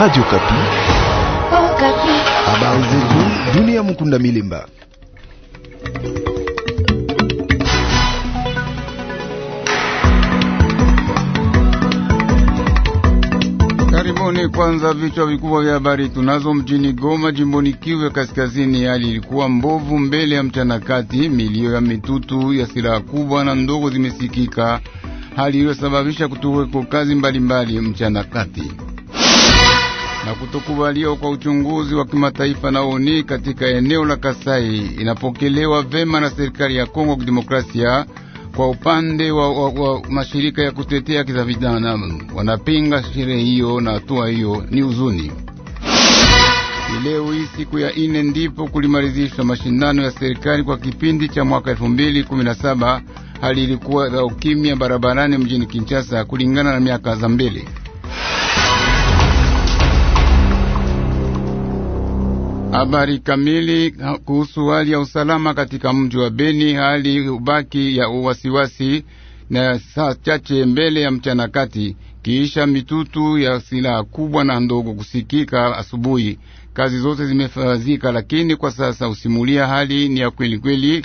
Radio Kapi. Oh, Kapi. Habari zetu dunia mkunda milimba. Karibuni. Kwanza vichwa vikubwa vya habari tunazo. Mjini Goma, jimboni Kivu ya Kaskazini, hali ilikuwa mbovu mbele ya mchana kati. Milio ya mitutu ya silaha kubwa na ndogo zimesikika, hali iliyosababisha kutuweko kazi mbalimbali mchana kati na kutokubaliwa kwa uchunguzi wa kimataifa na ONU katika eneo la Kasai inapokelewa vema na serikali ya Kongo Kidemokrasia. Kwa upande wa, wa, wa mashirika ya kutetea haki za wanapinga sherehe hiyo na hatua hiyo ni huzuni. Leo hii siku ya ine ndipo kulimalizishwa mashindano ya serikali kwa kipindi cha mwaka 2017. Hali ilikuwa za ukimya barabarani mjini Kinshasa kulingana na miaka za mbele. Habari kamili kuhusu hali ya usalama katika mji wa Beni, hali ubaki ya uwasiwasi na saa chache mbele ya mchana kati, kisha mitutu ya silaha kubwa na ndogo kusikika asubuhi. Kazi zote zimefazika lakini kwa sasa usimulia hali ni ya kweli kweli.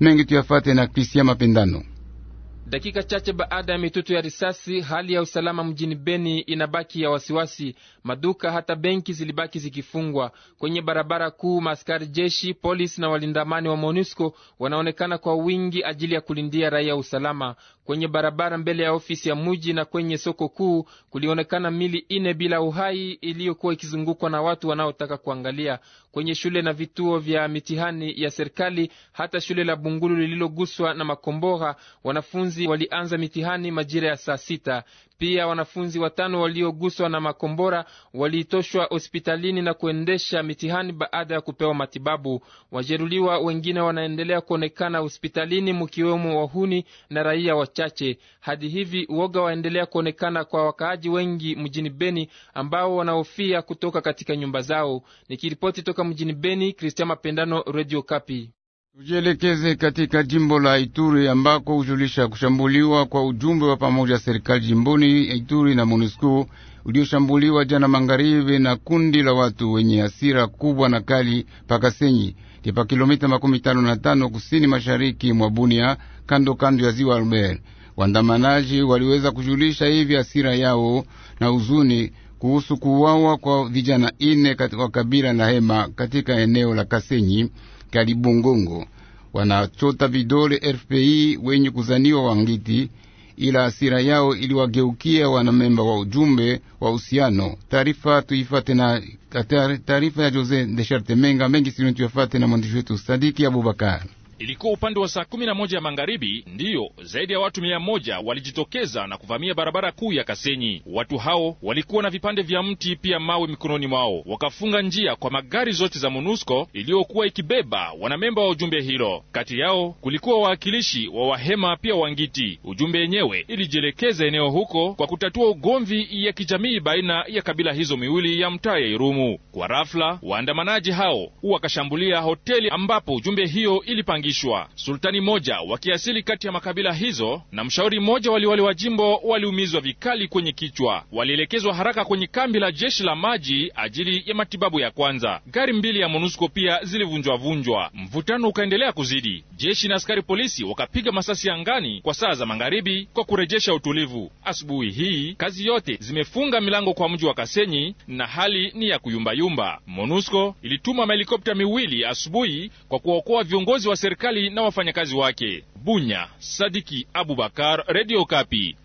Mengi tuyafate na Krisia Mapendano. Dakika chache baada ya mitutu ya risasi, hali ya usalama mjini Beni inabaki ya wasiwasi. Maduka hata benki zilibaki zikifungwa. Kwenye barabara kuu, maaskari jeshi, polisi na walindamani wa MONUSCO wanaonekana kwa wingi ajili ya kulindia raia usalama. Kwenye barabara mbele ya ofisi ya muji na kwenye soko kuu kulionekana mili ine bila uhai iliyokuwa ikizungukwa na watu wanaotaka kuangalia. Kwenye shule na vituo vya mitihani ya serikali, hata shule la Bungulu lililoguswa na makombora, wanafunzi walianza mitihani majira ya saa sita. Pia wanafunzi watano walioguswa na makombora waliitoshwa hospitalini na kuendesha mitihani baada ya kupewa matibabu. Wajeruliwa wengine wanaendelea kuonekana hospitalini, mkiwemo wahuni na raia wachache. Hadi hivi uoga waendelea kuonekana kwa wakaaji wengi mjini Beni ambao wanahofia kutoka katika nyumba zao. Nikiripoti toka mjini Beni, Kristian Mapendano, Radio Kapi. Tujielekeze katika jimbo la Ituri ambako hujulisha kushambuliwa kwa ujumbe wa pamoja serikali jimboni Ituri na MONUSCO ulioshambuliwa jana magharibi na kundi la watu wenye hasira kubwa na kali pakasenyi tipa kilomita makumi tano na tano kusini mashariki mwa Bunia, kando kando ya ziwa Albert. Waandamanaji waliweza kujulisha hivi hasira yao na huzuni kuhusu kuuawa kwa vijana ine katika kabila la Hema katika eneo la Kasenyi Kalibongongo wanachota vidole RFPI wenye kuzaniwa wangiti, ila asira yao iliwageukia wanamemba wa ujumbe wa uhusiano. Taarifa tuifate na taarifa ya Jose Desharte Menga mengi sinu tuyafate na mwandishi wetu Sadiki Abubakar. Ilikuwa upande wa saa kumi na moja ya magharibi ndiyo zaidi ya watu mia moja walijitokeza na kuvamia barabara kuu ya Kasenyi. Watu hao walikuwa na vipande vya mti pia mawe mikononi mwao, wakafunga njia kwa magari zote za MONUSCO iliyokuwa ikibeba wanamemba wa ujumbe hilo. Kati yao kulikuwa wawakilishi wa Wahema pia Wangiti. Ujumbe yenyewe ilijielekeza eneo huko kwa kutatua ugomvi ya kijamii baina ya kabila hizo miwili ya mtaa ya Irumu. Kwa rafla, waandamanaji hao wakashambulia hoteli ambapo ujumbe hiyo ilipangishwa kuwakilishwa. Sultani wa wakiasili kati ya makabila hizo na mshauri mmoja waliwali wa jimbo waliumizwa vikali kwenye kichwa, walielekezwa haraka kwenye kambi la jeshi la maji ajili ya matibabu ya kwanza. Gari mbili ya MONUSCO pia zilivunjwavunjwa. Mvutano ukaendelea kuzidi, jeshi na askari polisi wakapiga masasi angani kwa saa za magharibi kwa kurejesha utulivu. Asubuhi hii kazi yote zimefunga milango kwa mji wa Kasenyi na hali ni ya kuyumbayumba. MONUSCO ilituma mahelikopta miwili asubuhi kwa kuwaokoa viongozi wa serikali serikali na wafanyakazi wake. Bunya, Sadiki Abubakar, Radio Kapi.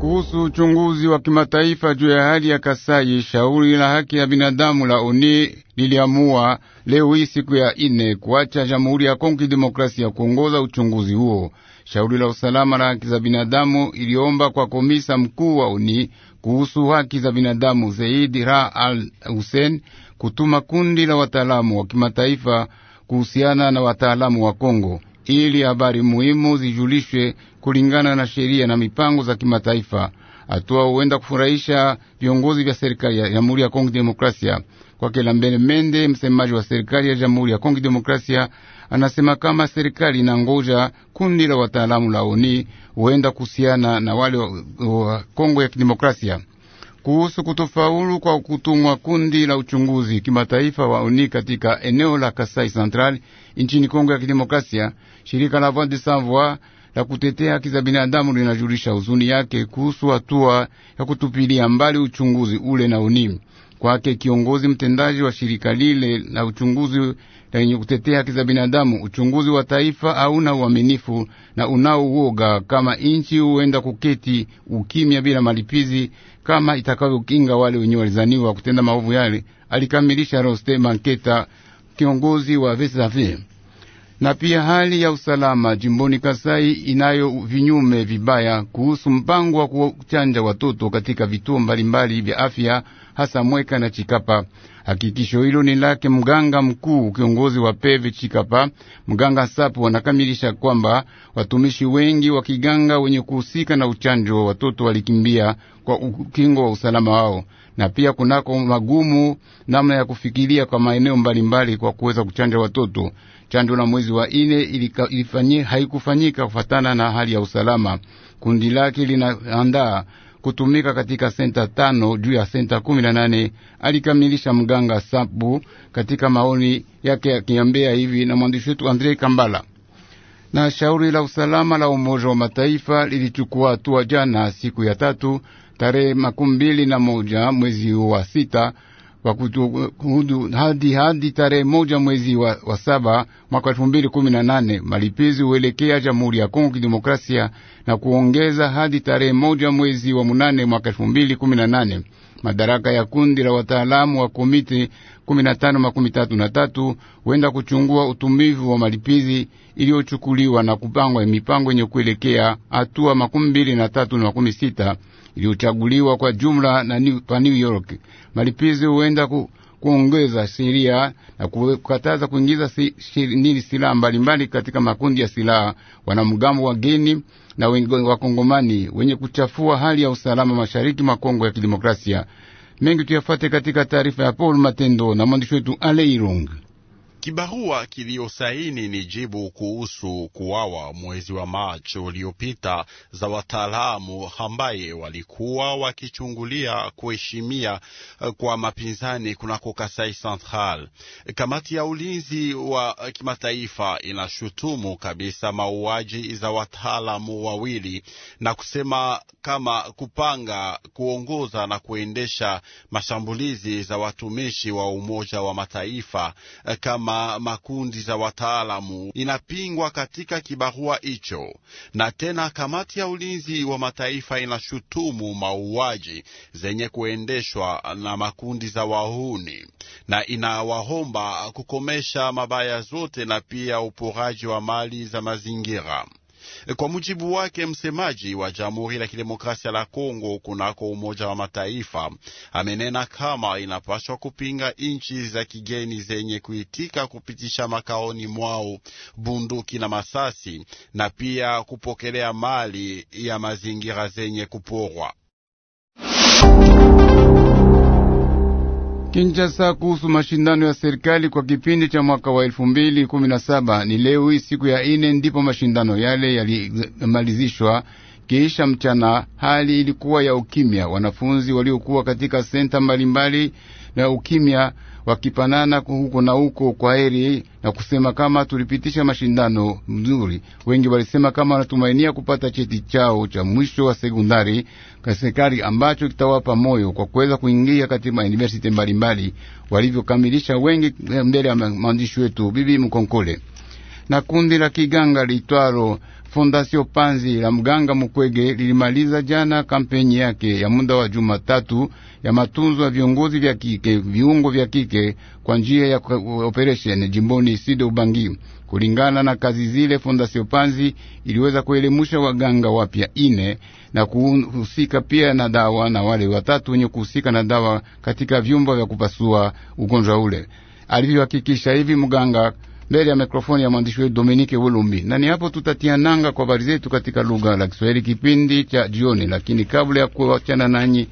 Kuhusu uchunguzi wa kimataifa juu ya hali ya Kasai, shauri la haki ya binadamu la uni liliamua leo hii siku ya ine kuacha Jamhuri ya Kongo Demokrasia ya kuongoza uchunguzi huo. Shauri la usalama la haki za binadamu iliomba kwa komisa mkuu wa uni kuhusu haki za binadamu zeidi Ra Al Hussein kutuma kundi la wataalamu wa kimataifa kuhusiana na wataalamu wa Kongo ili habari muhimu zijulishwe kulingana na sheria na mipango za kimataifa. Hatua huenda kufurahisha viongozi vya serikali ya Jamhuri ya Kongo Demokrasia. Kwa Kelambele Mende, msemaji wa serikali ya Jamhuri ya Kongo Demokrasia, anasema kama serikali inangoja kundi la wataalamu la ONI huenda kuhusiana na wale wa Kongo ya Kidemokrasia kuhusu kutofaulu kwa kutumwa kundi la uchunguzi kimataifa wa UNI katika eneo la Kasai Central nchini Kongo ya Kidemokrasia. Shirika la Voix des Sans Voix la kutetea haki za binadamu linajulisha huzuni yake kuhusu hatua ya kutupilia mbali uchunguzi ule na unimi kwake kiongozi mtendaji wa shirika lile la uchunguzi lenye kutetea haki za binadamu. Uchunguzi wa taifa hauna uaminifu na uoga, kama inchi huenda kuketi ukimya bila malipizi kama itakavyokinga wale wenye walizaniwa kutenda maovu yale, alikamilisha Roste Manketa, kiongozi wa Vesafe. Na pia hali ya usalama jimboni Kasai inayo vinyume vibaya kuhusu mpango wa kuchanja watoto katika vituo mbalimbali vya afya hasa Mweka na Chikapa. Hakikisho hilo ni lake mganga mkuu kiongozi wa Peve Chikapa, mganga Sapu, wanakamilisha kwamba watumishi wengi wa kiganga wenye kuhusika na uchanjo wa watoto walikimbia kwa ukingo wa usalama wao, na pia kunako magumu namna ya kufikiria kwa maeneo mbalimbali kwa kuweza kuchanja watoto. Chanjo na mwezi wa ine ilifanyi, haikufanyika kufatana na hali ya usalama. Kundi lake linaandaa kutumika katika senta tano juu ya senta kumi na nane alikamilisha mganga Sabu katika maoni yake akiambia hivi na mwandishi wetu Andre Kambala. Na shauri la usalama la Umoja wa Mataifa lilichukua hatua jana siku ya tatu tarehe makumi mbili na moja mwezi wa sita wa kutuhudu hadi hadi tarehe moja mwezi wa, wa saba mwaka elfu mbili kumi na nane malipizi huelekea Jamhuri ya Kongo Kidemokrasia na kuongeza hadi tarehe moja mwezi wa munane mwaka elfu mbili kumi na nane madaraka ya kundi la wataalamu wa komiti kumi na tano makumi tatu na tatu huenda kuchungua utumivu wa malipizi iliyochukuliwa na kupangwa mipango yenye kuelekea hatua makumi mbili na tatu na makumi sita iliyochaguliwa kwa jumla na New, pa New York. Malipizi huenda ku, kuongeza sheria na kukataza kuingiza si, si, silaha mbalimbali katika makundi ya silaha, wanamgambo wageni na wakongomani wenye kuchafua hali ya usalama mashariki mwa Kongo ya Kidemokrasia. Mengi tuyafate katika taarifa ya Paul Matendo na mwandishi wetu Ale Kibarua kiliyosaini ni jibu kuhusu kuwawa mwezi wa Machi uliopita za wataalamu ambaye walikuwa wakichungulia kuheshimia eh, kwa mapinzani kunako Kasai Central. Kamati ya ulinzi wa kimataifa inashutumu kabisa mauaji za wataalamu wawili na kusema kama kupanga, kuongoza na kuendesha mashambulizi za watumishi wa Umoja wa Mataifa eh, kama ma, makundi za wataalamu inapingwa katika kibarua hicho. Na tena kamati ya ulinzi wa mataifa inashutumu mauaji zenye kuendeshwa na makundi za wahuni na inawahomba kukomesha mabaya zote na pia uporaji wa mali za mazingira. Kwa mujibu wake msemaji wa Jamhuri la Kidemokrasia la Kongo kunako Umoja wa Mataifa amenena kama inapaswa kupinga nchi za kigeni zenye kuitika kupitisha makaoni mwao bunduki na masasi na pia kupokelea mali ya mazingira zenye kuporwa. Kinshasa kuhusu mashindano ya serikali kwa kipindi cha mwaka wa elfu mbili kumi na saba. Ni leo hii siku ya ine ndipo mashindano yale yalimalizishwa. Kisha mchana hali ilikuwa ya ukimya. Wanafunzi waliokuwa katika senta mbalimbali na ukimya wakipanana huko na huko kwa heri na kusema kama tulipitisha mashindano mzuri. Wengi walisema kama wanatumainia kupata cheti chao cha mwisho wa sekondari kwa serikali, ambacho kitawapa moyo kwa kuweza kuingia katika university mbalimbali walivyokamilisha wengi, eh, mbele ya maandishi wetu Bibi Mkonkole na kundi la kiganga litwalo Fondasio Panzi la mganga Mukwege lilimaliza jana kampeni yake ya muda wa juma tatu ya matunzo ya viongozi vya kike viungo vya kike kwa njia ya operesheni jimboni Sido Ubangi. Kulingana na kazi zile, Fondasio Panzi iliweza kuelemusha waganga wapya ine na kuhusika pia na dawa na wale watatu wenye kuhusika na dawa katika vyumba vya kupasua ugonjwa ule alivyohakikisha hivi mganga mbele ya mikrofoni ya mwandishi wetu Dominique Wulumbi. Na ni hapo tutatia nanga kwa habari zetu katika lugha la Kiswahili kipindi cha jioni, lakini kabla ya kuachana nanyi,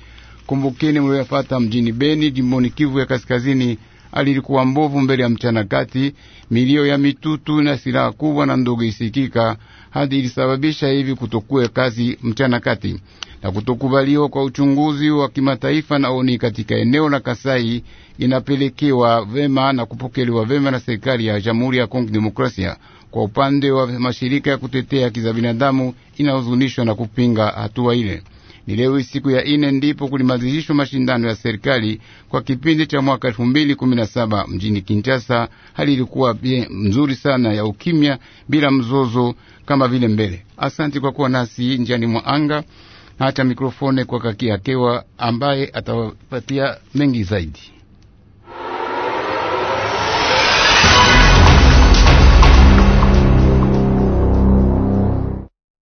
kumbukeni mlioyafata mjini Beni, jimboni Kivu ya Kaskazini. Alilikuwa mbovu mbele ya mchana kati, milio ya mitutu na silaha kubwa na ndogo isikika, hadi ilisababisha hivi kutokuwa kazi mchana kati na kutokubaliwa kwa uchunguzi wa kimataifa na oni katika eneo la Kasai inapelekewa vema na kupokelewa vema na serikali ya Jamhuri ya Kongo Demokrasia. Kwa upande wa mashirika ya kutetea haki za binadamu, inahuzunishwa na kupinga hatua ile. Ni leo siku ya ine ndipo kulimalizishwa mashindano ya serikali kwa kipindi cha mwaka elfu mbili kumi na saba mjini Kinshasa. Hali ilikuwa nzuri mzuri sana ya ukimya bila mzozo kama vile mbele. Asanti kwa kuwa nasi njiani mwa anga. Nacha mikrofone kwa kaki ambaye atawapatia mengi zaidi.